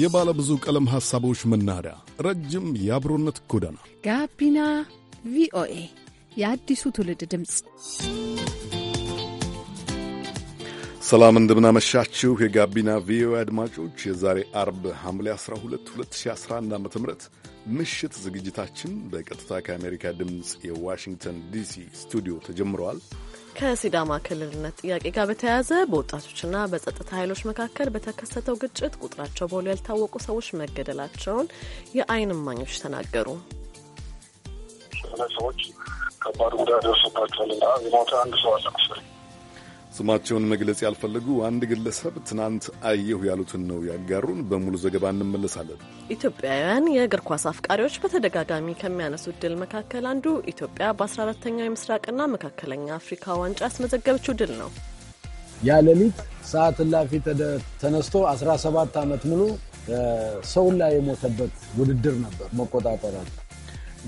የባለ ብዙ ቀለም ሐሳቦች መናኸሪያ፣ ረጅም የአብሮነት ጎዳና፣ ጋቢና ቪኦኤ፣ የአዲሱ ትውልድ ድምፅ። ሰላም እንደምናመሻችሁ፣ የጋቢና ቪኦኤ አድማጮች። የዛሬ አርብ ሐምሌ 12 2011 ዓ ም ምሽት ዝግጅታችን በቀጥታ ከአሜሪካ ድምፅ የዋሽንግተን ዲሲ ስቱዲዮ ተጀምረዋል። ከሲዳማ ክልልነት ጥያቄ ጋር በተያያዘ በወጣቶችና በጸጥታ ኃይሎች መካከል በተከሰተው ግጭት ቁጥራቸው በውል ያልታወቁ ሰዎች መገደላቸውን የዓይን እማኞች ተናገሩ። ሰዎች ከባድ ጉዳት ደርሶባቸዋል እና የሞተ አንድ ሰው አለ ስማቸውን መግለጽ ያልፈለጉ አንድ ግለሰብ ትናንት አየሁ ያሉትን ነው ያጋሩን። በሙሉ ዘገባ እንመለሳለን። ኢትዮጵያውያን የእግር ኳስ አፍቃሪዎች በተደጋጋሚ ከሚያነሱት ድል መካከል አንዱ ኢትዮጵያ በ14ተኛው የምስራቅና መካከለኛ አፍሪካ ዋንጫ ያስመዘገበችው ድል ነው። ያ ሌሊት ሰዓት እላፊ ተነስቶ 17 ዓመት ሙሉ ሰውን ላይ የሞተበት ውድድር ነበር መቆጣጠራል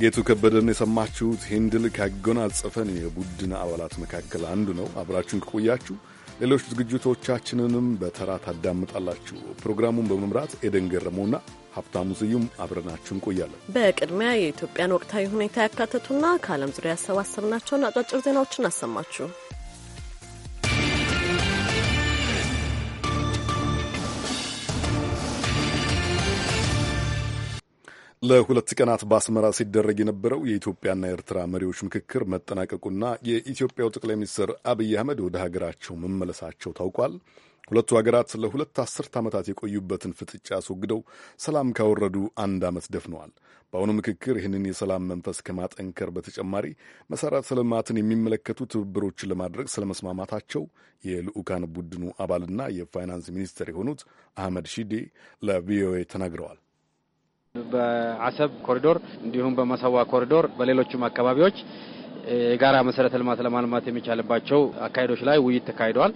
ጌቱ ከበደን የሰማችሁት ሂንድል ድል ካጎናጸፈን የቡድን አባላት መካከል አንዱ ነው። አብራችሁን ከቆያችሁ ሌሎች ዝግጅቶቻችንንም በተራ ታዳምጣላችሁ። ፕሮግራሙን በመምራት ኤደን ገረመውና ሀብታሙ ስዩም አብረናችሁ እንቆያለን። በቅድሚያ የኢትዮጵያን ወቅታዊ ሁኔታ ያካተቱና ከዓለም ዙሪያ ያሰባሰብናቸውን አጫጭር ዜናዎችን አሰማችሁ። ለሁለት ቀናት በአስመራ ሲደረግ የነበረው የኢትዮጵያና የኤርትራ መሪዎች ምክክር መጠናቀቁና የኢትዮጵያው ጠቅላይ ሚኒስትር አብይ አህመድ ወደ ሀገራቸው መመለሳቸው ታውቋል። ሁለቱ ሀገራት ለሁለት አስርት ዓመታት የቆዩበትን ፍጥጫ አስወግደው ሰላም ካወረዱ አንድ ዓመት ደፍነዋል። በአሁኑ ምክክር ይህንን የሰላም መንፈስ ከማጠንከር በተጨማሪ መሠረተ ልማትን የሚመለከቱ ትብብሮችን ለማድረግ ስለመስማማታቸው የልዑካን ቡድኑ አባልና የፋይናንስ ሚኒስትር የሆኑት አህመድ ሺዴ ለቪኦኤ ተናግረዋል። በአሰብ ኮሪዶር እንዲሁም በመሰዋ ኮሪዶር በሌሎችም አካባቢዎች የጋራ መሰረተ ልማት ለማልማት የሚቻልባቸው አካሄዶች ላይ ውይይት ተካሂደዋል።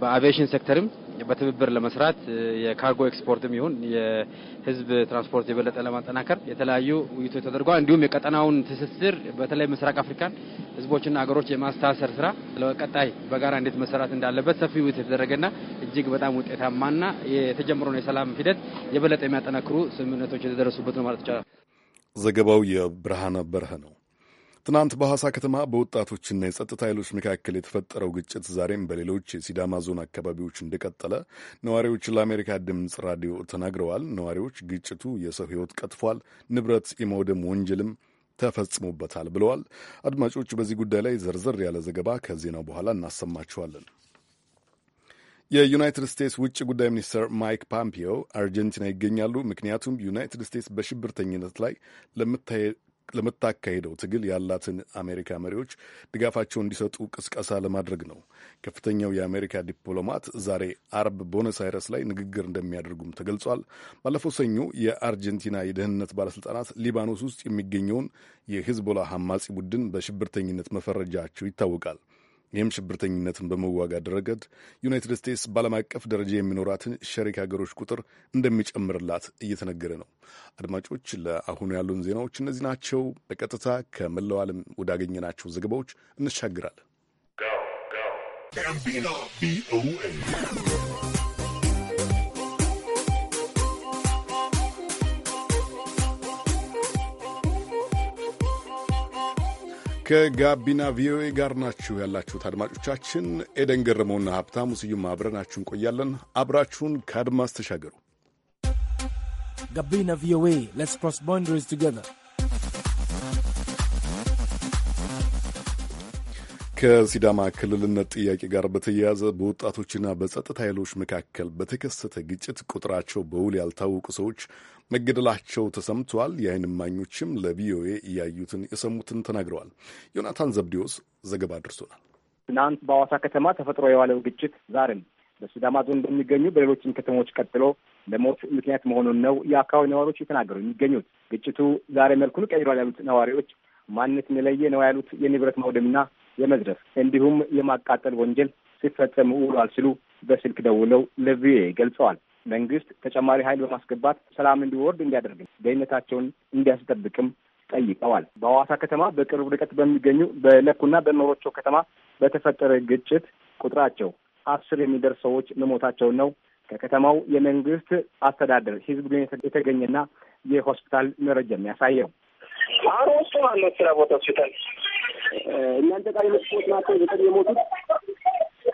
በአቪዬሽን ሴክተርም በትብብር ለመስራት የካርጎ ኤክስፖርትም ይሁን የህዝብ ትራንስፖርት የበለጠ ለማጠናከር የተለያዩ ውይይቶች ተደርጓል። እንዲሁም የቀጠናውን ትስስር በተለይ ምስራቅ አፍሪካን ህዝቦችና ሀገሮች የማስተሳሰር ስራ ለቀጣይ በጋራ እንዴት መሰራት እንዳለበት ሰፊ ውይይት የተደረገና እጅግ በጣም ውጤታማና የተጀመረውን የሰላም ሂደት የበለጠ የሚያጠናክሩ ስምምነቶች የተደረሱበት ነው ማለት ይቻላል። ዘገባው የብርሃነ በርሀ ነው። ትናንት በሐዋሳ ከተማ በወጣቶችና የጸጥታ ኃይሎች መካከል የተፈጠረው ግጭት ዛሬም በሌሎች የሲዳማ ዞን አካባቢዎች እንደቀጠለ ነዋሪዎች ለአሜሪካ ድምፅ ራዲዮ ተናግረዋል። ነዋሪዎች ግጭቱ የሰው ሕይወት ቀጥፏል፣ ንብረት የማውደም ወንጀልም ተፈጽሞበታል ብለዋል። አድማጮች፣ በዚህ ጉዳይ ላይ ዘርዘር ያለ ዘገባ ከዜናው በኋላ እናሰማችኋለን። የዩናይትድ ስቴትስ ውጭ ጉዳይ ሚኒስትር ማይክ ፓምፒዮ አርጀንቲና ይገኛሉ። ምክንያቱም ዩናይትድ ስቴትስ በሽብርተኝነት ላይ ለምታካሄደው ትግል ያላትን አሜሪካ መሪዎች ድጋፋቸው እንዲሰጡ ቅስቀሳ ለማድረግ ነው። ከፍተኛው የአሜሪካ ዲፕሎማት ዛሬ አርብ ቦነስ አይረስ ላይ ንግግር እንደሚያደርጉም ተገልጿል። ባለፈው ሰኞ የአርጀንቲና የደህንነት ባለስልጣናት ሊባኖስ ውስጥ የሚገኘውን የሂዝቦላ አማጺ ቡድን በሽብርተኝነት መፈረጃቸው ይታወቃል። ይህም ሽብርተኝነትን በመዋጋት ረገድ ዩናይትድ ስቴትስ በዓለም አቀፍ ደረጃ የሚኖራትን ሸሪክ ሀገሮች ቁጥር እንደሚጨምርላት እየተነገረ ነው። አድማጮች፣ ለአሁኑ ያሉን ዜናዎች እነዚህ ናቸው። በቀጥታ ከመላው ዓለም ወዳገኘናቸው ዘገባዎች እንሻግራለን። ከጋቢና ቪኦኤ ጋር ናችሁ ያላችሁት አድማጮቻችን። ኤደን ገረመውና ሀብታሙ ስዩም አብረናችሁ እንቆያለን። አብራችሁን ከአድማስ ተሻገሩ። ጋቢና ቪኦኤ ሌትስ ክሮስ ባውንደሪስ ቱጌዘር ከሲዳማ ክልልነት ጥያቄ ጋር በተያያዘ በወጣቶችና በጸጥታ ኃይሎች መካከል በተከሰተ ግጭት ቁጥራቸው በውል ያልታወቁ ሰዎች መገደላቸው ተሰምተዋል። የዓይን እማኞችም ለቪኦኤ እያዩትን የሰሙትን ተናግረዋል። ዮናታን ዘብዴዎስ ዘገባ አድርሶናል። ትናንት በአዋሳ ከተማ ተፈጥሮ የዋለው ግጭት ዛሬም በሲዳማ ዞን በሚገኙ በሌሎችም ከተሞች ቀጥሎ ለሞት ምክንያት መሆኑን ነው የአካባቢ ነዋሪዎች የተናገሩ የሚገኙት። ግጭቱ ዛሬ መልኩን ቀይሯል ያሉት ነዋሪዎች ማንነት የለየ ነው ያሉት የንብረት መውደምና የመዝረፍ እንዲሁም የማቃጠል ወንጀል ሲፈጸም ውሏል ሲሉ በስልክ ደውለው ለቪኦኤ ገልጸዋል። መንግስት ተጨማሪ ኃይል በማስገባት ሰላም እንዲወርድ እንዲያደርግ ደህንነታቸውን እንዲያስጠብቅም ጠይቀዋል። በሐዋሳ ከተማ በቅርብ ርቀት በሚገኙ በለኩና በመሮቾ ከተማ በተፈጠረ ግጭት ቁጥራቸው አስር የሚደርስ ሰዎች መሞታቸውን ነው ከከተማው የመንግስት አስተዳደር ህዝብ ግን የተገኘና የሆስፒታል መረጃ የሚያሳየው አሮሱ አለ ስራ ቦታ ሆስፒታል እናንተ ጋር የመጡ ሰዎች ናቸው ዘጠኝ የሞቱት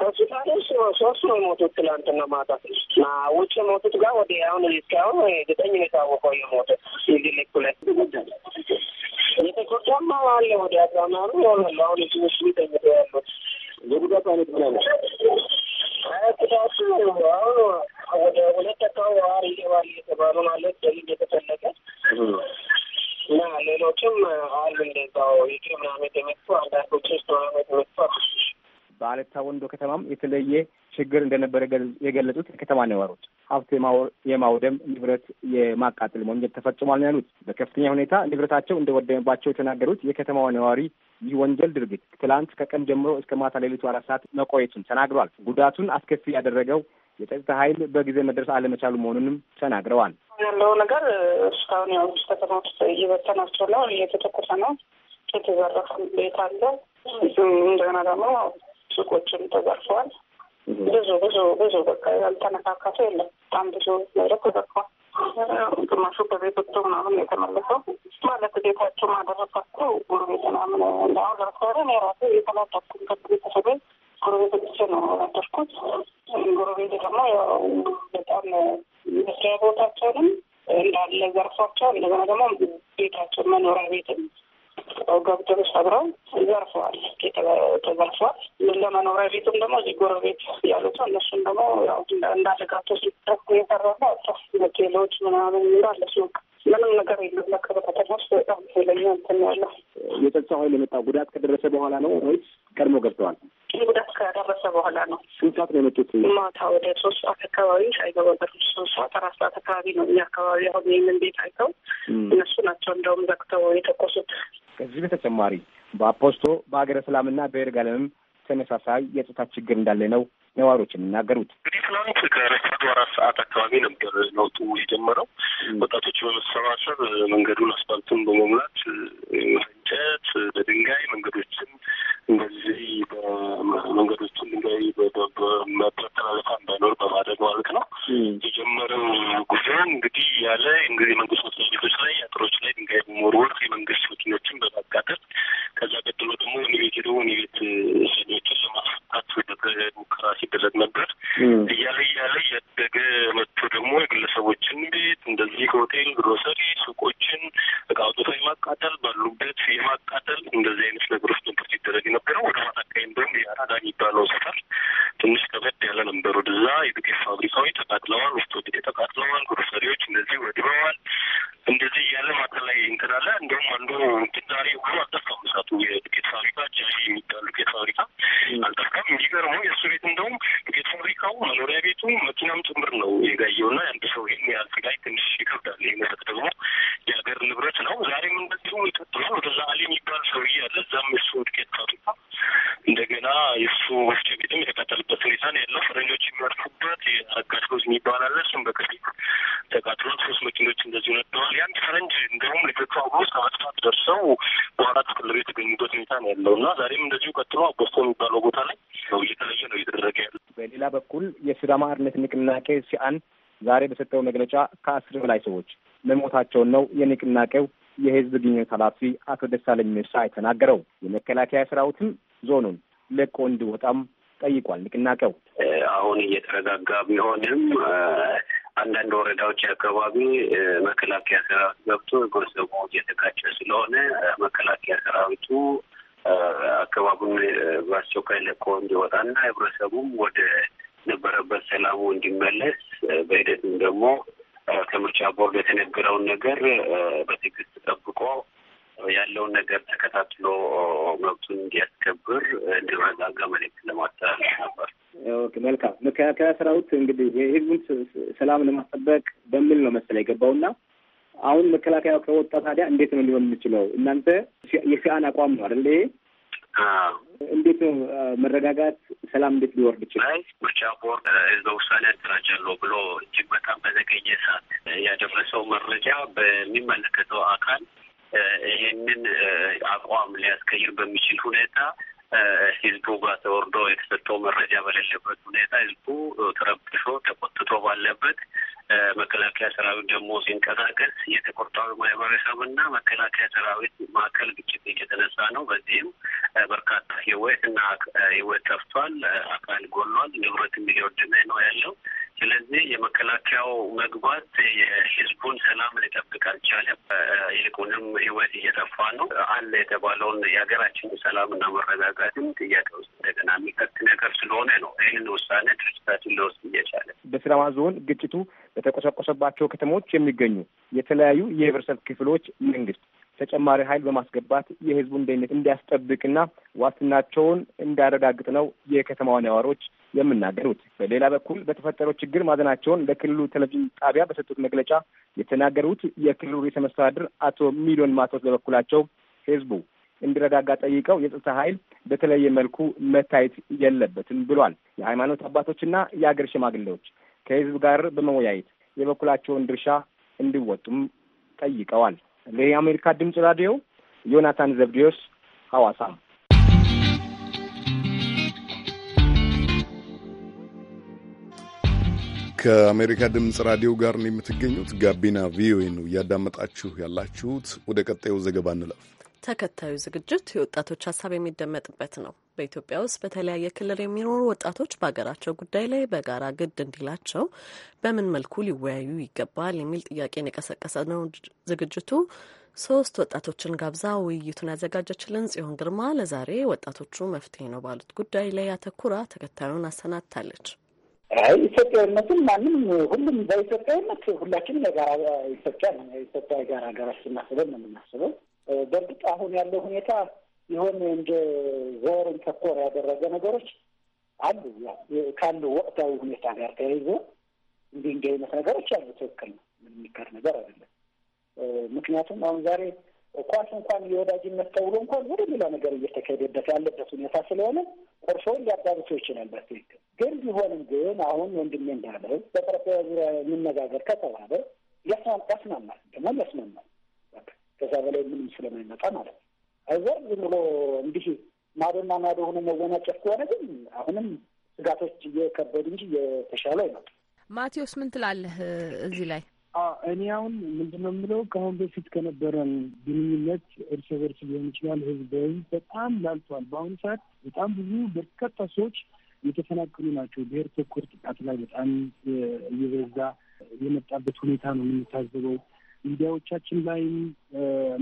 ሆስፒታል ውስጥ ሶስት ነው የሞቱት። ትላንትና ማታ ና ውጭ የሞቱት ጋር ወደ አሁን እስካሁን ዘጠኝ ነው የታወቀው የሞቱት ሚድልክ ላይ የተጎዳማ አለ ወደ አዛማሩ ይሆናል። አሁን ትንሽ ሚጠኝቶ ያሉት የጉዳቱ አይነት ምናምን ጉዳቱ አሁን ወደ ሁለት አካባቢ ዋር ይገባል እየተባሉ ማለት ደሊል የተፈለገ እና ሌሎችም አሉ እንደዛው የቅርብ አመት የመጡ አንዳንዶች ሶስት አመት የመጡ በአለታ ወንዶ ከተማም የተለየ ችግር እንደነበረ የገለጹት የከተማ ነዋሪዎች ሀብት የማውደም ንብረት የማቃጠል ወንጀል ተፈጽሟል ነው ያሉት። በከፍተኛ ሁኔታ ንብረታቸው እንደወደመባቸው የተናገሩት የከተማዋ ነዋሪ ይህ ወንጀል ድርጊት ትላንት ከቀን ጀምሮ እስከ ማታ ሌሊቱ አራት ሰዓት መቆየቱን ተናግሯል። ጉዳቱን አስከፊ ያደረገው የጸጥታ ኃይል በጊዜ መድረስ አለመቻሉ መሆኑንም ተናግረዋል። ያለው ነገር እስካሁን ያው ከተማ ውስጥ እየበተናቸው ነው፣ እየተተኮሰ ነው። የተዘረፈ ቤት አለ። እንደገና ደግሞ ሱቆችም ተዘርፈዋል። ብዙ ብዙ ብዙ በቃ ያልተነካካቱ የለም። በጣም ብዙ ንብረት ተዘርፈዋል። ግማሹ በቤት ወጥቶ ምናምን የተመለሰው ማለት ቤታቸው ማደረፋቸው ጉሩ ቤት ምናምን እንዳሁን ለምሳሌ ራሴ የተላጠኩ ቤተሰቤ ጎረቤቶች ነው ያደርኩት። ጎረቤት ደግሞ ያው በጣም መስሪያ ቦታቸውንም እንዳለ ዘርፏቸው፣ እንደገና ደግሞ ቤታቸው መኖሪያ ቤትም ገብተው ሰብረው ዘርፈዋል። ተዘርፏል። ለመኖሪያ ቤቱም ደግሞ እዚህ ጎረቤት ያሉት እነሱም ደግሞ እንዳለጋቸው ሲጠቁ የተረፈ ቴሎች ምናምን እንዳለ ሱቅ ምንም ነገር የለም። መከበታተል ውስጥ በጣም ኃይለኛ እንትን ያለ የጸጥታ ኃይል የመጣ ጉዳት ከደረሰ በኋላ ነው ወይስ ቀድሞ ገብተዋል? ጉዳት ከደረሰ በኋላ ነው። ስንት ሰዓት ነው የመጡት? ማታ ወደ ሶስት ሰዓት አካባቢ ሳይገባበት ሶስት ሰዓት አራት ሰዓት አካባቢ ነው እኛ አካባቢ አሁን ይህንን ቤት አይተው እነሱ ናቸው እንደውም ዘግተው የተቆሱት። ከዚህ በተጨማሪ በአፖስቶ በሀገረ ሰላምና በይርጋለምም ተመሳሳይ የጾታ ችግር እንዳለ ነው ነዋሪዎች የሚናገሩት። እንግዲህ ትናንት ከረፋዱ አራት ሰዓት አካባቢ ነበር ለውጡ የጀመረው። ወጣቶች በመሰባሰብ መንገዱን አስፋልቱን በመሙላት እንጨት በድንጋይ መንገዶችን እንደዚህ መንገዶችን ድንጋይ ሰርቲፊኬት ሰጥታ እንደገና የእሱ መፍቻ ቤትም የተቃጠልበት ሁኔታ ነው ያለው። ፈረንጆች የሚያርፉበት የአጋት ሎዝ የሚባል አለ። እሱም በቅርብ ተቃጥሎ ሶስት መኪኖች እንደዚሁ ነደዋል። ያን ፈረንጅ እንዲሁም ልጆቹ አብሮ እስከ ማጥፋት ደርሰው በአራት ክልል የተገኙበት ሁኔታ ነው ያለው እና ዛሬም እንደዚሁ ቀጥሎ አቦስቶ የሚባለው ቦታ ላይ ነው እየተለየ ነው እየተደረገ ያለ። በሌላ በኩል የሲዳማ አርነት ንቅናቄ ሲአን ዛሬ በሰጠው መግለጫ ከአስር በላይ ሰዎች መሞታቸውን ነው የንቅናቄው የህዝብ ግንኙነት ኃላፊ አቶ ደሳለኝ ምርሳ የተናገረው። የመከላከያ ሰራዊትም ዞኑን ለቆ እንዲወጣም ጠይቋል። ንቅናቄው አሁን እየተረጋጋ ቢሆንም አንዳንድ ወረዳዎች አካባቢ መከላከያ ሰራዊት ገብቶ ግለሰቡ እየተጋጨ ስለሆነ መከላከያ ሰራዊቱ አካባቢውን በአስቸኳይ ለቆ እንዲወጣና ህብረተሰቡም ወደ ነበረበት ሰላሙ እንዲመለስ በሂደትም ደግሞ ከምርጫ ቦርድ የተነገረውን ነገር በትዕግስት ጠብቆ ያለውን ነገር ተከታትሎ መብቱን እንዲያስከብር እንዲረጋጋ መልዕክት ለማስተላለፍ ነበር። መልካም። መከላከያ ሰራዊት እንግዲህ የህዝቡን ሰላም ለማስጠበቅ በሚል ነው መሰለኝ የገባውና አሁን መከላከያ ከወጣ ታዲያ እንዴት ነው ሊሆን የሚችለው? እናንተ የሲአን አቋም ነው አይደል? ይሄ እንዴት መረጋጋት፣ ሰላም እንዴት ሊወርድ ይችላል? ምርጫ ቦርድ ህዝበ ውሳኔ አደራጃለሁ ብሎ እጅግ በጣም በዘገየ ሰዓት ያደረሰው መረጃ በሚመለከተው አካል ይህንን አቋም ሊያስቀይር በሚችል ሁኔታ ህዝቡ ጋር ተወርዶ የተሰጠው መረጃ በሌለበት ሁኔታ ህዝቡ ተረብሾ ተቆጥቶ ባለበት መከላከያ ሰራዊት ደግሞ ሲንቀሳቀስ የተቆርጣዊ ማህበረሰብና መከላከያ ሰራዊት መካከል ግጭት እየተነሳ ነው። በዚህም በርካታ ህይወት እና ህይወት ጠፍቷል፣ አካል ጎሏል፣ ንብረትም እየወደመ ነው ያለው። ስለዚህ የመከላከያው መግባት የህዝቡን ሰላም ሊጠብቅ አልቻለም። ይልቁንም ህይወት እየጠፋ ነው። አለ የተባለውን የሀገራችን ሰላም ሰላምና መረጋጋትም ጥያቄ ውስጥ እንደገና የሚከት ነገር ስለሆነ ነው ይህንን ውሳኔ ድርጅታችን ሊወስድ እየቻለ በሲዳማ ዞን ግጭቱ በተቆሰቆሰባቸው ከተሞች የሚገኙ የተለያዩ የህብረተሰብ ክፍሎች መንግስት ተጨማሪ ኃይል በማስገባት የህዝቡን ደህንነት እንዲያስጠብቅና ዋስትናቸውን እንዲያረጋግጥ ነው የከተማዋ ነዋሪዎች የምናገሩት። በሌላ በኩል በተፈጠረው ችግር ማዘናቸውን ለክልሉ ቴሌቪዥን ጣቢያ በሰጡት መግለጫ የተናገሩት የክልሉ ርዕሰ መስተዳድር አቶ ሚሊዮን ማቶስ በበኩላቸው ህዝቡ እንዲረጋጋ ጠይቀው የጸጥታ ኃይል በተለየ መልኩ መታየት የለበትም ብሏል። የሃይማኖት አባቶችና የአገር ሽማግሌዎች ከህዝብ ጋር በመወያየት የበኩላቸውን ድርሻ እንዲወጡም ጠይቀዋል። ለአሜሪካ ድምፅ ራዲዮ ዮናታን ዘብዲዮስ ሐዋሳም ከአሜሪካ ድምፅ ራዲዮ ጋር ነው የምትገኙት። ጋቢና ቪኦኤ ነው እያዳመጣችሁ ያላችሁት። ወደ ቀጣዩ ዘገባ እንለፍ። ተከታዩ ዝግጅት የወጣቶች ሀሳብ የሚደመጥበት ነው። በኢትዮጵያ ውስጥ በተለያየ ክልል የሚኖሩ ወጣቶች በሀገራቸው ጉዳይ ላይ በጋራ ግድ እንዲላቸው በምን መልኩ ሊወያዩ ይገባል የሚል ጥያቄን የቀሰቀሰ ነው ዝግጅቱ። ሶስት ወጣቶችን ጋብዛ ውይይቱን ያዘጋጀችልን ጽዮን ግርማ ለዛሬ ወጣቶቹ መፍትሄ ነው ባሉት ጉዳይ ላይ ያተኩራ ተከታዩን አሰናድታለች። አይ ኢትዮጵያዊነትን ማንም ሁሉም በኢትዮጵያዊነት ሁላችንም የጋራ ኢትዮጵያ ኢትዮጵያ የጋራ ሀገራችን ስናስበን ነው የምናስበው። በእርግጥ አሁን ያለው ሁኔታ የሆነ እንደ ዘርን ተኮር ያደረገ ነገሮች አሉ። ካሉ ወቅታዊ ሁኔታ ጋር ተያይዞ እንዲህ እንዲህ አይነት ነገሮች አሉ። ትክክል ነው። ምን የሚካድ ነገር አይደለም። ምክንያቱም አሁን ዛሬ ኳስ እንኳን የወዳጅነት ተብሎ እንኳን ወደ ሌላ ነገር እየተካሄደበት ያለበት ሁኔታ ስለሆነ ቆርሶውን ሊያጋብቶ ይችላል። በትክክል ግን ቢሆንም ግን አሁን ወንድሜ እንዳለው በጠረጴዛ ዙሪያ የሚነጋገር ከተባለ ያስማማል ደግሞ ያስማማል። ከዛ በላይ ምንም ስለማይመጣ ማለት ነው። አይዘር ዝም ብሎ እንዲህ ማዶና ማዶ ሆኖ መወናጨፍ ከሆነ ግን አሁንም ስጋቶች እየከበዱ እንጂ እየተሻለ አይመጡም። ማቴዎስ ምን ትላለህ እዚህ ላይ? እኔ አሁን ምንድነው የምለው ከአሁን በፊት ከነበረን ግንኙነት እርስ በርስ ሊሆን ይችላል ህዝብ በህዝብ በጣም ላልቷል። በአሁኑ ሰዓት በጣም ብዙ በርካታ ሰዎች የተፈናቀሉ ናቸው። ብሔር ተኮር ጥቃት ላይ በጣም እየበዛ የመጣበት ሁኔታ ነው የምንታዘበው። ሚዲያዎቻችን ላይም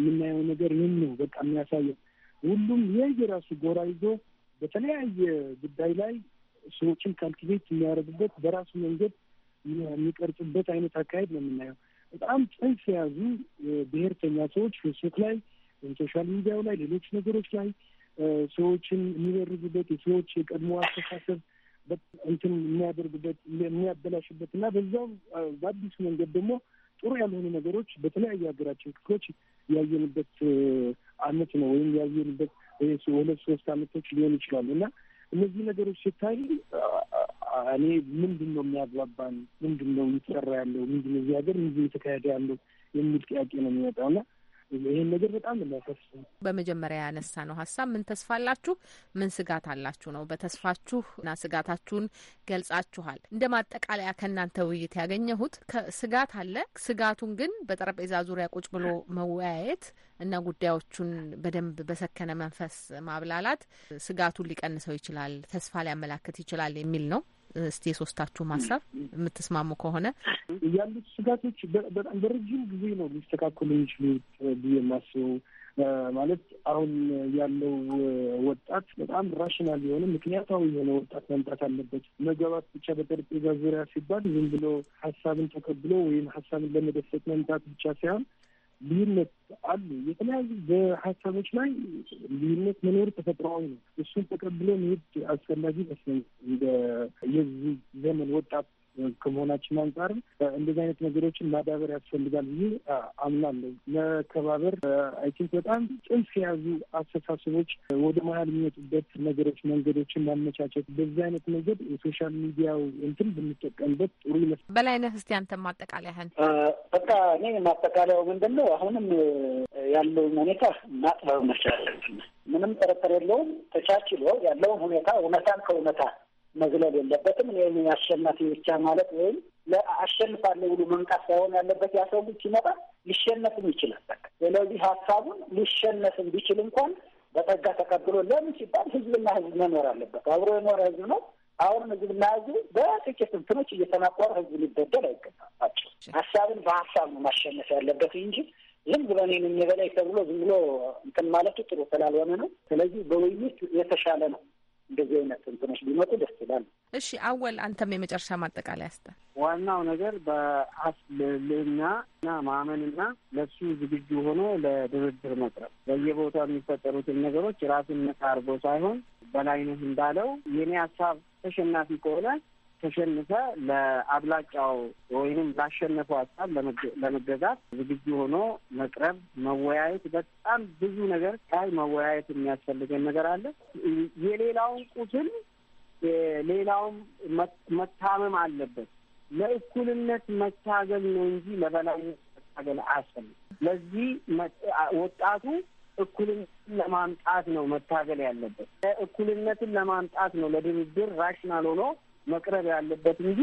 የምናየው ነገር ይህን ነው። በቃ የሚያሳየው ሁሉም የየራሱ ጎራ ይዞ በተለያየ ጉዳይ ላይ ሰዎችን ካልቲቬት የሚያደርጉበት በራሱ መንገድ የሚቀርጹበት አይነት አካሄድ ነው የምናየው። በጣም ጽንፍ የያዙ ብሔርተኛ ሰዎች ፌስቡክ ላይ፣ ሶሻል ሚዲያው ላይ፣ ሌሎች ነገሮች ላይ ሰዎችን የሚበርዙበት የሰዎች የቀድሞ አስተሳሰብ እንትን የሚያደርጉበት የሚያበላሽበት እና በዛው በአዲሱ መንገድ ደግሞ ጥሩ ያልሆኑ ነገሮች በተለያዩ ሀገራችን ክፍሎች ያየንበት አመት ነው ወይም ያየንበት ሁለት ሶስት አመቶች ሊሆን ይችላሉ እና እነዚህ ነገሮች ሲታይ እኔ ምንድን ነው የሚያግባባን? ምንድን ነው እየተሰራ ያለው? ምንድን ነው እዚህ ሀገር ምንድን ነው የተካሄደ ያለው የሚል ጥያቄ ነው የሚመጣው እና ይህን ነገር በጣም የሚያከስ በመጀመሪያ ያነሳ ነው ሀሳብ ምን ተስፋ አላችሁ፣ ምን ስጋት አላችሁ ነው። በተስፋችሁ እና ስጋታችሁን ገልጻችኋል። እንደ ማጠቃለያ ከእናንተ ውይይት ያገኘሁት ስጋት አለ። ስጋቱን ግን በጠረጴዛ ዙሪያ ቁጭ ብሎ መወያየት እና ጉዳዮቹን በደንብ በሰከነ መንፈስ ማብላላት ስጋቱን ሊቀንሰው ይችላል፣ ተስፋ ሊያመላክት ይችላል የሚል ነው። እስቲ የሶስታችሁ ማሳብ የምትስማሙ ከሆነ ያሉት ስጋቶች በጣም በረጅም ጊዜ ነው ሊስተካከሉ የሚችሉት ብዬ የማስበው ማለት አሁን ያለው ወጣት በጣም ራሽናል የሆነ ምክንያታዊ የሆነ ወጣት መምጣት አለበት። መግባባት ብቻ በጠረጴዛ ዙሪያ ሲባል ዝም ብሎ ሀሳብን ተቀብሎ ወይም ሀሳብን ለመደሰት መምጣት ብቻ ሳይሆን ልዩነት አሉ። የተለያዩ በሀሳቦች ላይ ልዩነት መኖር ተፈጥሯዊ ነው። እሱን ተቀብሎ መሄድ አስፈላጊ ይመስለኛል። እንደ የዚህ ዘመን ወጣት ከመሆናችን አንጻር እንደዚህ አይነት ነገሮችን ማዳበር ያስፈልጋል ብዬ አምናለሁ። መከባበር አይ ቲንክ በጣም ጥንፍ የያዙ አስተሳሰቦች ወደ መሀል የሚመጡበት ነገሮች መንገዶችን ማመቻቸት፣ በዚህ አይነት መንገድ የሶሻል ሚዲያው እንትን ብንጠቀምበት ጥሩ ይመስላል። በላይነህ እስቲ አንተ ማጠቃለያህን። በቃ እኔ ማጠቃለያው ምንድን ነው አሁንም ያለውን ሁኔታ ማጥበብ መቻል አለብን። ምንም ጥርጥር የለውም። ተቻችሎ ያለውን ሁኔታ እውነታን ከእውነታ መዝለል የለበትም። እኔ አሸናፊ ብቻ ማለት ወይም አሸንፋለሁ ብሎ መንቃት ሳይሆን ያለበት ያሰው ልጅ ሲመጣ ሊሸነፍም ይችላል። ስለዚህ ሀሳቡን ሊሸነፍም ቢችል እንኳን በጠጋ ተቀብሎ ለምን ሲባል ህዝብና ህዝብ መኖር አለበት። አብሮ የኖረ ህዝብ ነው። አሁን ህዝብና ህዝብ በጥቂት እንትኖች እየተናቆረ ህዝብ ሊበደል አይገባባቸው። ሀሳብን በሀሳብ ነው ማሸነፍ ያለበት እንጂ ዝም ብሎ እኔን የሚበላይ ተብሎ ዝም ብሎ እንትን ማለቱ ጥሩ ስላልሆነ ነው። ስለዚህ በውይይት የተሻለ ነው። እንደዚህ አይነት እንትኖች ቢመጡ ደስ ይላል። እሺ አወል፣ አንተም የመጨረሻ ማጠቃለያ ያስጠ ዋናው ነገር በአስልና እና ማመንና ለሱ ዝግጁ ሆኖ ለድርድር መቅረብ በየቦታው የሚፈጠሩትን ነገሮች ራስን ነጻ አድርጎ ሳይሆን በላይነህ እንዳለው የኔ ሀሳብ ተሸናፊ ከሆነ ተሸንፈ ለአብላጫው ወይም ላሸነፈው ሀሳብ ለመገዛት ዝግጁ ሆኖ መቅረብ፣ መወያየት በጣም ብዙ ነገር ላይ መወያየት የሚያስፈልገን ነገር አለ። የሌላውን ቁስል ሌላውም መታመም አለበት። ለእኩልነት መታገል ነው እንጂ ለበላይነት መታገል አያስፈልግም። ለዚህ ወጣቱ እኩልነትን ለማምጣት ነው መታገል ያለበት። እኩልነትን ለማምጣት ነው ለድርድር ራሽናል ሆኖ መቅረብ ያለበት እንጂ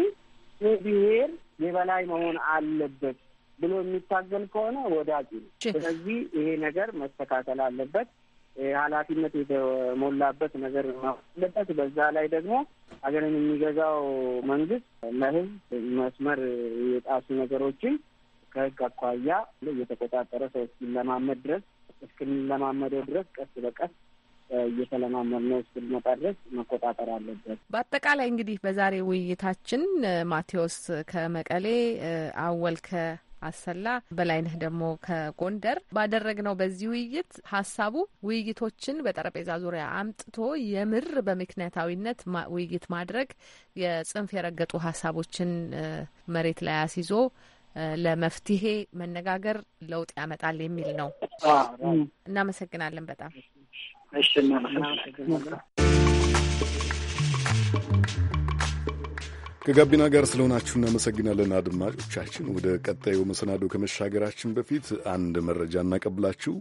ብሔር የበላይ መሆን አለበት ብሎ የሚታገል ከሆነ ወዳጅ ነው። ስለዚህ ይሄ ነገር መስተካከል አለበት። ኃላፊነት የተሞላበት ነገር አለበት። በዛ ላይ ደግሞ ሀገርን የሚገዛው መንግስት ለህዝብ መስመር የጣሱ ነገሮችን ከህግ አኳያ እየተቆጣጠረ ሰው እስኪለማመድ ድረስ እስክንለማመደው ድረስ ቀስ በቀስ እየተለማመድነው እስክንመጣ ድረስ መቆጣጠር አለበት። በአጠቃላይ እንግዲህ በዛሬ ውይይታችን ማቴዎስ ከመቀሌ፣ አወል ከአሰላ፣ በላይነህ ደግሞ ከጎንደር ባደረግነው በዚህ ውይይት ሀሳቡ ውይይቶችን በጠረጴዛ ዙሪያ አምጥቶ የምር በምክንያታዊነት ውይይት ማድረግ የጽንፍ የረገጡ ሀሳቦችን መሬት ላይ አስይዞ ለመፍትሄ መነጋገር ለውጥ ያመጣል የሚል ነው። እናመሰግናለን በጣም እሺ ከጋቢና ጋር ስለሆናችሁ እናመሰግናለን አድማጮቻችን። ወደ ቀጣዩ መሰናዶ ከመሻገራችን በፊት አንድ መረጃ እናቀብላችሁ።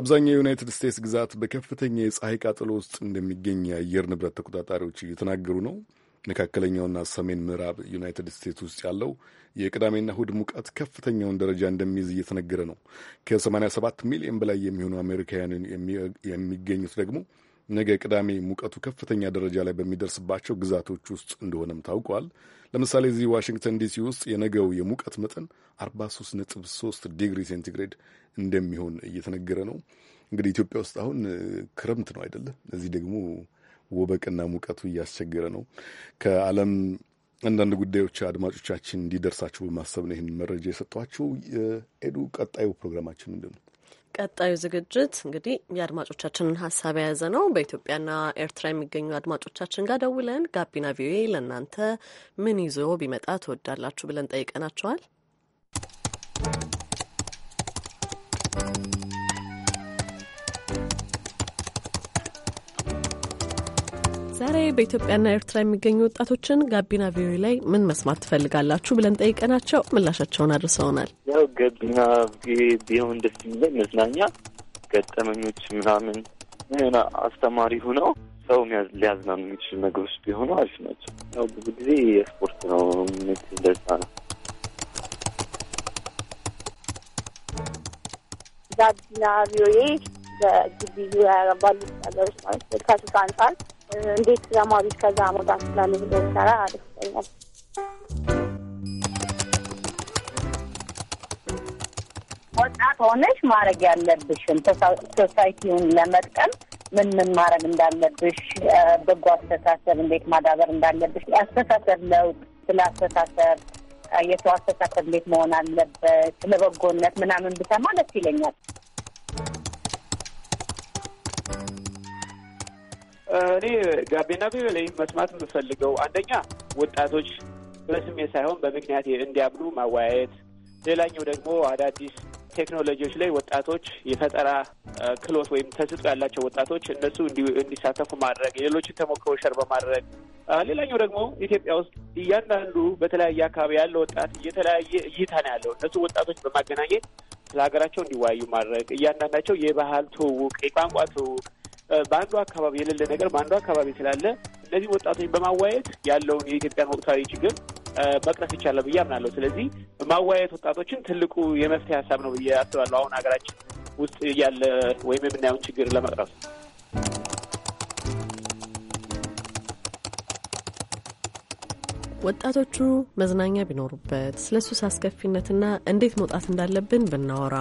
አብዛኛው የዩናይትድ ስቴትስ ግዛት በከፍተኛ የፀሐይ ቃጠሎ ውስጥ እንደሚገኝ የአየር ንብረት ተቆጣጣሪዎች እየተናገሩ ነው። መካከለኛውና ሰሜን ምዕራብ ዩናይትድ ስቴትስ ውስጥ ያለው የቅዳሜና እሁድ ሙቀት ከፍተኛውን ደረጃ እንደሚይዝ እየተነገረ ነው። ከ87 ሚሊዮን በላይ የሚሆኑ አሜሪካውያንን የሚገኙት ደግሞ ነገ ቅዳሜ ሙቀቱ ከፍተኛ ደረጃ ላይ በሚደርስባቸው ግዛቶች ውስጥ እንደሆነም ታውቋል። ለምሳሌ እዚህ ዋሽንግተን ዲሲ ውስጥ የነገው የሙቀት መጠን 43.3 ዲግሪ ሴንቲግሬድ እንደሚሆን እየተነገረ ነው። እንግዲህ ኢትዮጵያ ውስጥ አሁን ክረምት ነው አይደለ? እዚህ ደግሞ ወበቅና ሙቀቱ እያስቸገረ ነው። ከዓለም አንዳንድ ጉዳዮች አድማጮቻችን እንዲደርሳችሁ በማሰብ ነው ይህን መረጃ የሰጧችሁ። ኤዱ፣ ቀጣዩ ፕሮግራማችን ምንድን ነው? ቀጣዩ ዝግጅት እንግዲህ የአድማጮቻችንን ሀሳብ የያዘ ነው። በኢትዮጵያና ኤርትራ የሚገኙ አድማጮቻችን ጋር ደውለን ጋቢና ቪኦኤ ለእናንተ ምን ይዞ ቢመጣ ትወዳላችሁ ብለን ጠይቀናቸዋል። ዛሬ በኢትዮጵያና ኤርትራ የሚገኙ ወጣቶችን ጋቢና ቪኦኤ ላይ ምን መስማት ትፈልጋላችሁ ብለን ጠይቀናቸው ምላሻቸውን አድርሰውናል። ያው ጋቢና ቢሆን ደስ የሚለኝ መዝናኛ ገጠመኞች ምናምን ሆነ አስተማሪ ሁነው ሰው ሊያዝናኑ የሚችሉ ነገሮች ቢሆኑ አሪፍ ናቸው። ያው ብዙ ጊዜ የስፖርት ነው ምት እንደዛ ነው። ጋቢና ቪኦኤ በግቢ ዙሪያ ባሉት ነገሮች ማለት ከሱስ አንጻር እንዴት ለማሪት ከዛ መውጣት ስላለ ብሎ ሰራ አደስተኛል። ወጣት ሆነሽ ማድረግ ያለብሽን ሶሳይቲውን ለመጥቀም ምን ምን ማድረግ እንዳለብሽ፣ በጎ አስተሳሰብ እንዴት ማዳበር እንዳለብሽ፣ የአስተሳሰብ ለውጥ ስለ አስተሳሰብ የሰው አስተሳሰብ እንዴት መሆን አለበት፣ ስለ በጎነት ምናምን ብሰማ ደስ ይለኛል። እኔ ጋቤና ቪኦኤ ላይ መስማት የምፈልገው አንደኛ ወጣቶች በስሜ ሳይሆን በምክንያት እንዲያምኑ ማወያየት፣ ሌላኛው ደግሞ አዳዲስ ቴክኖሎጂዎች ላይ ወጣቶች የፈጠራ ክሎት ወይም ተስጦ ያላቸው ወጣቶች እነሱ እንዲሳተፉ ማድረግ፣ ሌሎችን ተሞክሮ ሸር በማድረግ ሌላኛው ደግሞ ኢትዮጵያ ውስጥ እያንዳንዱ በተለያየ አካባቢ ያለ ወጣት እየተለያየ እይታ ነው ያለው። እነሱ ወጣቶች በማገናኘት ስለ ሀገራቸው እንዲወያዩ ማድረግ፣ እያንዳንዳቸው የባህል ትውውቅ፣ የቋንቋ ትውውቅ በአንዱ አካባቢ የሌለ ነገር በአንዱ አካባቢ ስላለ እነዚህ ወጣቶች በማዋየት ያለውን የኢትዮጵያን ወቅታዊ ችግር መቅረፍ ይቻላል ብዬ አምናለሁ። ስለዚህ ማዋየት ወጣቶችን ትልቁ የመፍትሄ ሀሳብ ነው ብዬ አስባለሁ። አሁን ሀገራችን ውስጥ ያለ ወይም የምናየውን ችግር ለመቅረፍ ወጣቶቹ መዝናኛ ቢኖሩበት ስለ ሱስ አስከፊነትና እንዴት መውጣት እንዳለብን ብናወራ፣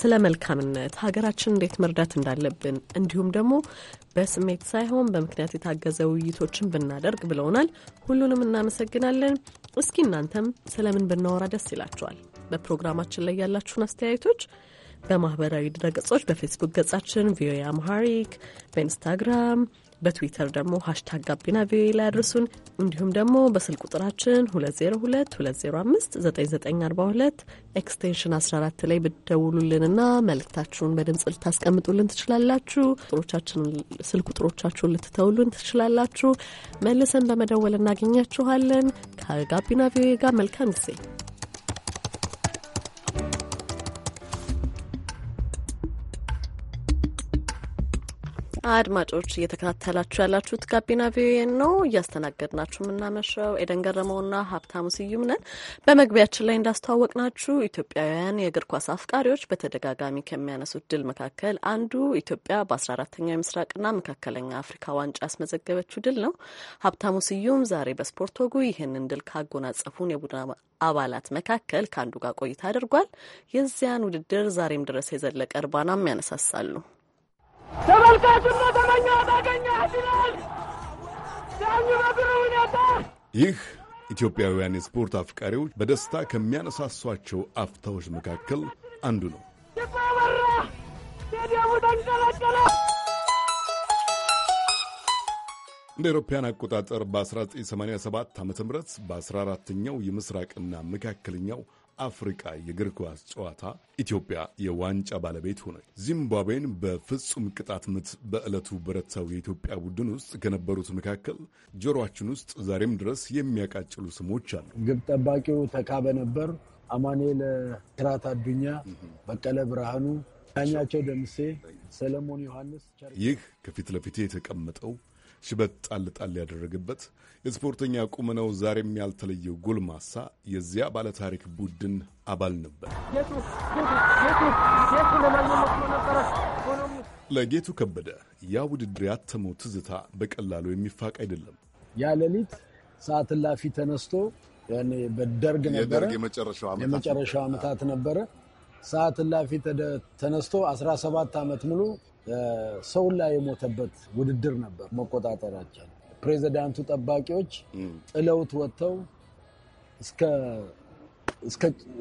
ስለ መልካምነት ሀገራችን እንዴት መርዳት እንዳለብን እንዲሁም ደግሞ በስሜት ሳይሆን በምክንያት የታገዘ ውይይቶችን ብናደርግ ብለውናል። ሁሉንም እናመሰግናለን። እስኪ እናንተም ስለምን ብናወራ ደስ ይላችኋል? በፕሮግራማችን ላይ ያላችሁን አስተያየቶች በማህበራዊ ድረገጾች በፌስቡክ ገጻችን ቪኦኤ አምሃሪክ፣ በኢንስታግራም በትዊተር ደግሞ ሀሽታግ ጋቢና ቪኦኤ ላይ እንዲሁም ደግሞ በስልክ ቁጥራችን 2022059942 ኤክስቴንሽን 14 ላይ ብደውሉልንና መልእክታችሁን በድምጽ ልታስቀምጡልን ትችላላችሁ። ስልክ ቁጥሮቻችሁን ልትተውሉን ትችላላችሁ። መልሰን በመደወል እናገኛችኋለን። ከጋቢና ቪኦኤ ጋር መልካም ጊዜ አድማጮች እየተከታተላችሁ ያላችሁት ጋቢና ቪኦኤ ነው። እያስተናገድናችሁ የምናመሸው ኤደን ገረመውና ሀብታሙ ስዩም ነን። በመግቢያችን ላይ እንዳስተዋወቅናችሁ ኢትዮጵያውያን የእግር ኳስ አፍቃሪዎች በተደጋጋሚ ከሚያነሱት ድል መካከል አንዱ ኢትዮጵያ በ አራተኛው ተኛው የምስራቅና መካከለኛ አፍሪካ ዋንጫ ያስመዘገበችው ድል ነው። ሀብታሙ ስዩም ዛሬ በስፖርት ወጉ ይህንን ድል ካጎናጸፉን የቡድን አባላት መካከል ከአንዱ ጋር ቆይታ አድርጓል። የዚያን ውድድር ዛሬም ድረስ የዘለቀ እርባናም ያነሳሳሉ። ይላል ዳኙ በግሩ ሁኔታ ይህ ኢትዮጵያውያን የስፖርት አፍቃሪዎች በደስታ ከሚያነሳሷቸው አፍታዎች መካከል አንዱ ነው። እንደ አውሮፓውያን አቆጣጠር በ1987 ዓ ም በ14ኛው የምስራቅና መካከለኛው አፍሪቃ የእግር ኳስ ጨዋታ ኢትዮጵያ የዋንጫ ባለቤት ሆነች። ዚምባብዌን በፍጹም ቅጣት ምት በዕለቱ በረታው የኢትዮጵያ ቡድን ውስጥ ከነበሩት መካከል ጆሮአችን ውስጥ ዛሬም ድረስ የሚያቃጭሉ ስሞች አሉ። ግብ ጠባቂው ተካበ ነበር፣ አማኑኤል ስራት፣ አዱኛ በቀለ፣ ብርሃኑ ዳኛቸው፣ ደምሴ፣ ሰለሞን ዮሐንስ። ይህ ከፊት ለፊቴ የተቀመጠው ሽበት ጣል ጣል ያደረገበት የስፖርተኛ ቁመናው ዛሬም ያልተለየው ጎልማሳ የዚያ ባለታሪክ ቡድን አባል ነበር። ለጌቱ ከበደ ያ ውድድር ያተመው ትዝታ በቀላሉ የሚፋቅ አይደለም። ያ ሌሊት ሰዓት ላፊ ተነስቶ በደርግ ነበረ፣ የመጨረሻው ዓመታት ነበረ። ሰዓት ላፊ ተነስቶ 17 ዓመት ሙሉ ሰው ላይ የሞተበት ውድድር ነበር። መቆጣጠራቸው ፕሬዚዳንቱ ጠባቂዎች ጥለውት ወጥተው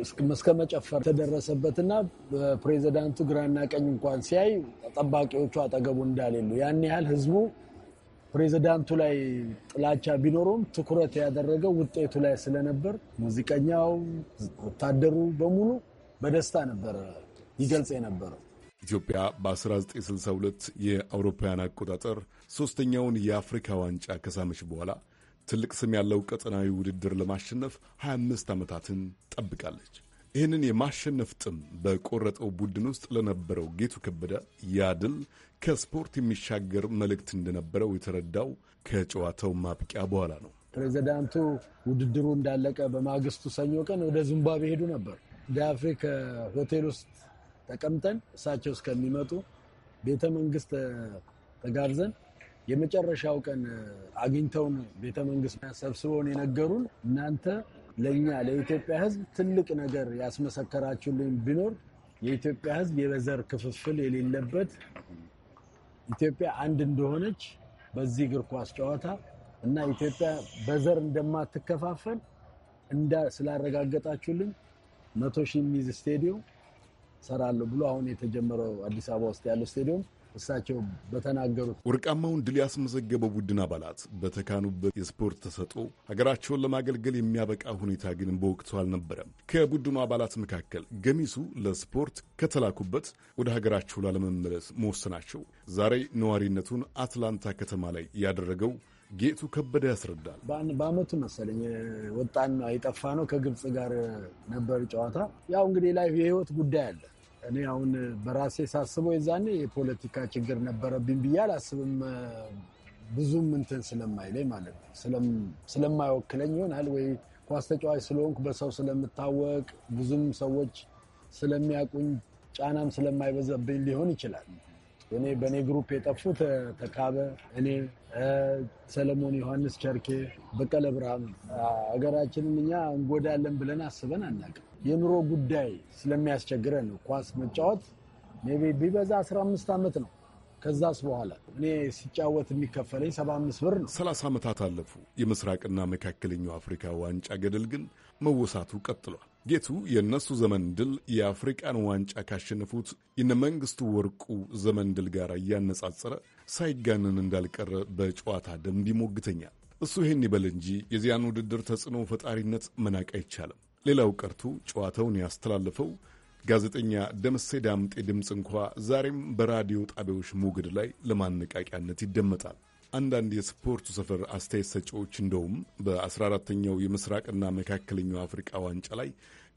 እስከ መጨፈር ተደረሰበትና ፕሬዚዳንቱ ግራና ቀኝ እንኳን ሲያይ ጠባቂዎቹ አጠገቡ እንዳሌሉ ያን ያህል ህዝቡ ፕሬዚዳንቱ ላይ ጥላቻ ቢኖሩም ትኩረት ያደረገው ውጤቱ ላይ ስለነበር ሙዚቀኛው፣ ወታደሩ በሙሉ በደስታ ነበር ይገልጽ የነበረው። ኢትዮጵያ በ1962 የአውሮፓውያን አቆጣጠር ሦስተኛውን የአፍሪካ ዋንጫ ከሳመች በኋላ ትልቅ ስም ያለው ቀጠናዊ ውድድር ለማሸነፍ 25 ዓመታትን ጠብቃለች። ይህንን የማሸነፍ ጥም በቆረጠው ቡድን ውስጥ ለነበረው ጌቱ ከበደ ያ ድል ከስፖርት የሚሻገር መልእክት እንደነበረው የተረዳው ከጨዋታው ማብቂያ በኋላ ነው። ፕሬዚዳንቱ ውድድሩ እንዳለቀ በማግስቱ ሰኞ ቀን ወደ ዚምባብዌ ሄዱ ነበር። ዳፍሪክ ሆቴል ውስጥ ተቀምጠን እሳቸው እስከሚመጡ ቤተ መንግስት ተጋብዘን የመጨረሻው ቀን አግኝተውን ቤተ መንግስት ሰብስበውን የነገሩን እናንተ ለእኛ ለኢትዮጵያ ሕዝብ ትልቅ ነገር ያስመሰከራችሁልኝ ቢኖር የኢትዮጵያ ሕዝብ የበዘር ክፍፍል የሌለበት ኢትዮጵያ አንድ እንደሆነች በዚህ እግር ኳስ ጨዋታ እና ኢትዮጵያ በዘር እንደማትከፋፈል እንዳ ስላረጋገጣችሁልኝ መቶ ሺህ የሚይዝ ስቴዲየም ሰራለሁ ብሎ አሁን የተጀመረው አዲስ አበባ ውስጥ ያለው ስቴዲየም እሳቸው በተናገሩት ወርቃማውን ድል ያስመዘገበው ቡድን አባላት በተካኑበት የስፖርት ተሰጥኦ ሀገራቸውን ለማገልገል የሚያበቃ ሁኔታ ግን በወቅቱ አልነበረም። ከቡድኑ አባላት መካከል ገሚሱ ለስፖርት ከተላኩበት ወደ ሀገራቸው ላለመመለስ መወሰናቸው ዛሬ ነዋሪነቱን አትላንታ ከተማ ላይ ያደረገው ጌቱ ከበደ ያስረዳል። በአመቱ መሰለኝ ወጣን ነው የጠፋ ነው። ከግብፅ ጋር ነበር ጨዋታ። ያው እንግዲህ ላይ የህይወት ጉዳይ አለ እኔ አሁን በራሴ ሳስበው የዛኔ የፖለቲካ ችግር ነበረብኝ ብዬ አላስብም። ብዙም እንትን ስለማይለኝ ማለት ነው ስለማይወክለኝ ይሆናል ወይ ኳስ ተጫዋች ስለሆንኩ በሰው ስለምታወቅ ብዙም ሰዎች ስለሚያቁኝ ጫናም ስለማይበዛብኝ ሊሆን ይችላል። እኔ በእኔ ግሩፕ የጠፉት ተካበ፣ እኔ፣ ሰለሞን ዮሐንስ፣ ቸርኬ፣ በቀለ ብርሃም ሀገራችንን እኛ እንጎዳለን ብለን አስበን አናውቅም። የኑሮ ጉዳይ ስለሚያስቸግረን ኳስ መጫወት ቢ ቢበዛ 15 ዓመት ነው። ከዛስ በኋላ እኔ ሲጫወት የሚከፈለኝ 75 ብር ነው። 30 ዓመታት አለፉ። የምስራቅና መካከለኛው አፍሪካ ዋንጫ ገደል ግን መወሳቱ ቀጥሏል። ጌቱ የእነሱ ዘመን ድል የአፍሪቃን ዋንጫ ካሸነፉት የነ መንግስቱ ወርቁ ዘመን ድል ጋር እያነጻጸረ ሳይጋንን እንዳልቀረ በጨዋታ ደንብ ይሞግተኛል። እሱ ይህን ይበል እንጂ የዚያን ውድድር ተጽዕኖ ፈጣሪነት መናቅ አይቻልም። ሌላው ቀርቶ ጨዋታውን ያስተላለፈው ጋዜጠኛ ደምሴ ዳምጤ ድምፅ እንኳ ዛሬም በራዲዮ ጣቢያዎች ሞገድ ላይ ለማነቃቂያነት ይደመጣል። አንዳንድ የስፖርቱ ሰፈር አስተያየት ሰጪዎች እንደውም በ14ተኛው የምስራቅና መካከለኛው አፍሪቃ ዋንጫ ላይ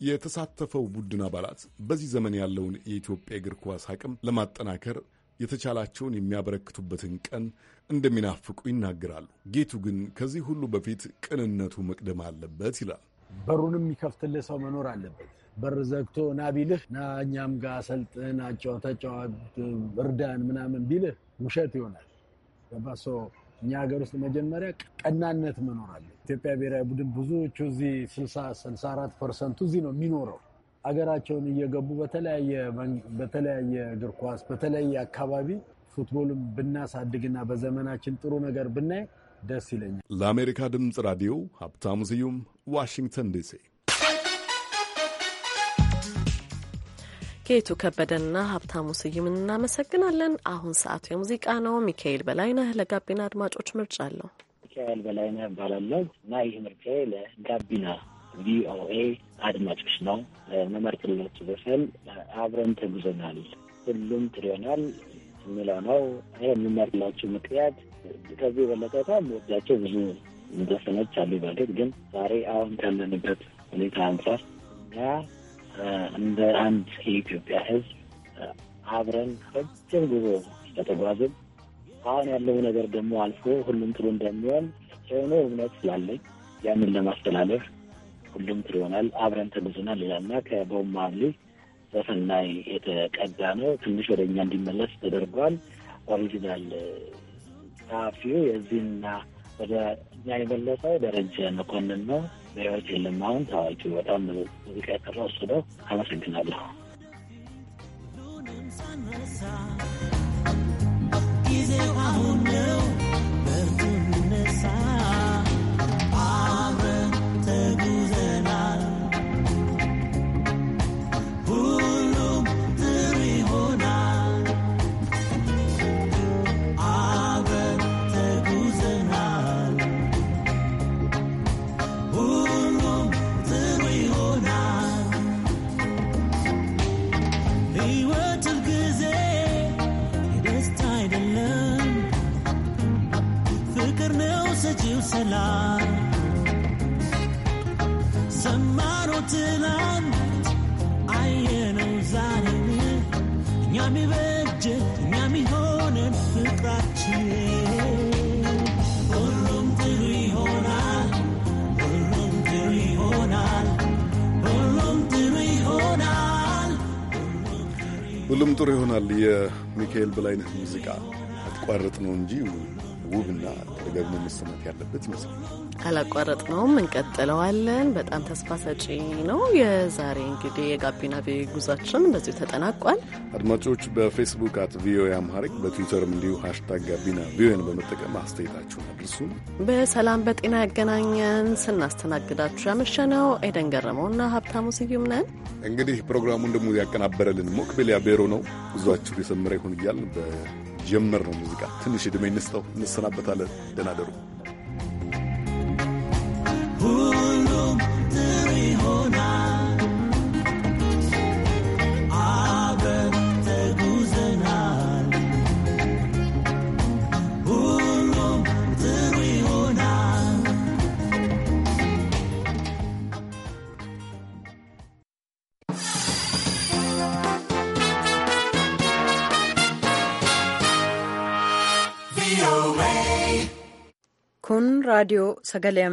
የተሳተፈው ቡድን አባላት በዚህ ዘመን ያለውን የኢትዮጵያ እግር ኳስ አቅም ለማጠናከር የተቻላቸውን የሚያበረክቱበትን ቀን እንደሚናፍቁ ይናገራሉ። ጌቱ ግን ከዚህ ሁሉ በፊት ቅንነቱ መቅደም አለበት ይላል። በሩን የሚከፍትልህ ሰው መኖር አለበት። በር ዘግቶ ና ቢልህ ና እኛም ጋር ሰልጥን አጫው ተጫዋት እርዳን ምናምን ቢልህ ውሸት ይሆናል። ገባህ? እኛ ሀገር ውስጥ መጀመሪያ ቀናነት መኖር አለ። ኢትዮጵያ ብሔራዊ ቡድን ብዙዎቹ እዚህ 64 ፐርሰንቱ እዚህ ነው የሚኖረው። አገራቸውን እየገቡ በተለያየ እግር ኳስ በተለያየ አካባቢ ፉትቦልን ብናሳድግና በዘመናችን ጥሩ ነገር ብናይ ደስ ይለኛል። ለአሜሪካ ድምፅ ራዲዮ ሀብታሙ ስዩም ዋሽንግተን ዲሲ። ጌቱ ከበደና ሀብታሙ ስዩምን እናመሰግናለን። አሁን ሰዓቱ የሙዚቃ ነው። ሚካኤል በላይነህ ለጋቢና አድማጮች ምርጫ አለው። ሚካኤል በላይነህ እባላለሁ እና ይህ ምርጫ ለጋቢና ቪኦኤ አድማጮች ነው። መመርጥላችሁ ዘፈን አብረን ተጉዘናል ሁሉም ትሪዮናል የሚለው ነው። ይህ የምመርላችሁ ምክንያት ከዚህ የበለጠ በጣም ወዳቸው ብዙ ዘፈኖች አሉ። በእርግጥ ግን ዛሬ አሁን ካለንበት ሁኔታ አንጻር እኛ እንደ አንድ የኢትዮጵያ ሕዝብ አብረን ረጅም ጉዞ ስለተጓዝን አሁን ያለው ነገር ደግሞ አልፎ ሁሉም ጥሩ እንደሚሆን የሆነ እምነት ስላለኝ ያንን ለማስተላለፍ ሁሉም ጥሩ ይሆናል፣ አብረን ተጉዘናል ይላልና ከቦብ ማርሌ በሰናይ የተቀዳ ነው። ትንሽ ወደ እኛ እንዲመለስ ተደርጓል። ኦሪጂናል ጸሐፊው የዚህና ወደ እኛ የመለሰው ደረጀ መኮንን ነው። በሕይወት የለም አሁን ታዋቂ በጣም ሙዚቃ የሰራው እሱ ነው። አመሰግናለሁ። ጊዜው አሁን ይገርማል። የሚካኤል በላይነህ ሙዚቃ አትቋረጥ ነው እንጂ ውብና ነገር ነው መሰማት ያለበት ይመስላል። አላቋረጥ ነውም እንቀጥለዋለን። በጣም ተስፋ ሰጪ ነው። የዛሬ እንግዲህ የጋቢና ቪኦኤ ጉዟችን እንደዚሁ ተጠናቋል። አድማጮች በፌስቡክ አት ቪኦኤ አምሃሪክ በትዊተርም እንዲሁ ሀሽታግ ጋቢና ቪኦኤን በመጠቀም አስተያየታችሁን አድርሱ። በሰላም በጤና ያገናኘን። ስናስተናግዳችሁ ያመሸነው ኤደን ገረመውና ሀብታሙ ስዩም ነን። እንግዲህ ፕሮግራሙን ደግሞ ያቀናበረልን ሞክቤሊያ ቤሮ ነው። ጉዟችሁ የሰመረ ይሁን እያልን ጀመር ነው ሙዚቃ። ትንሽ ዕድሜ እንስጠው፣ እንሰናበታለን። ደህና ደሩ። raadiyoo sagalee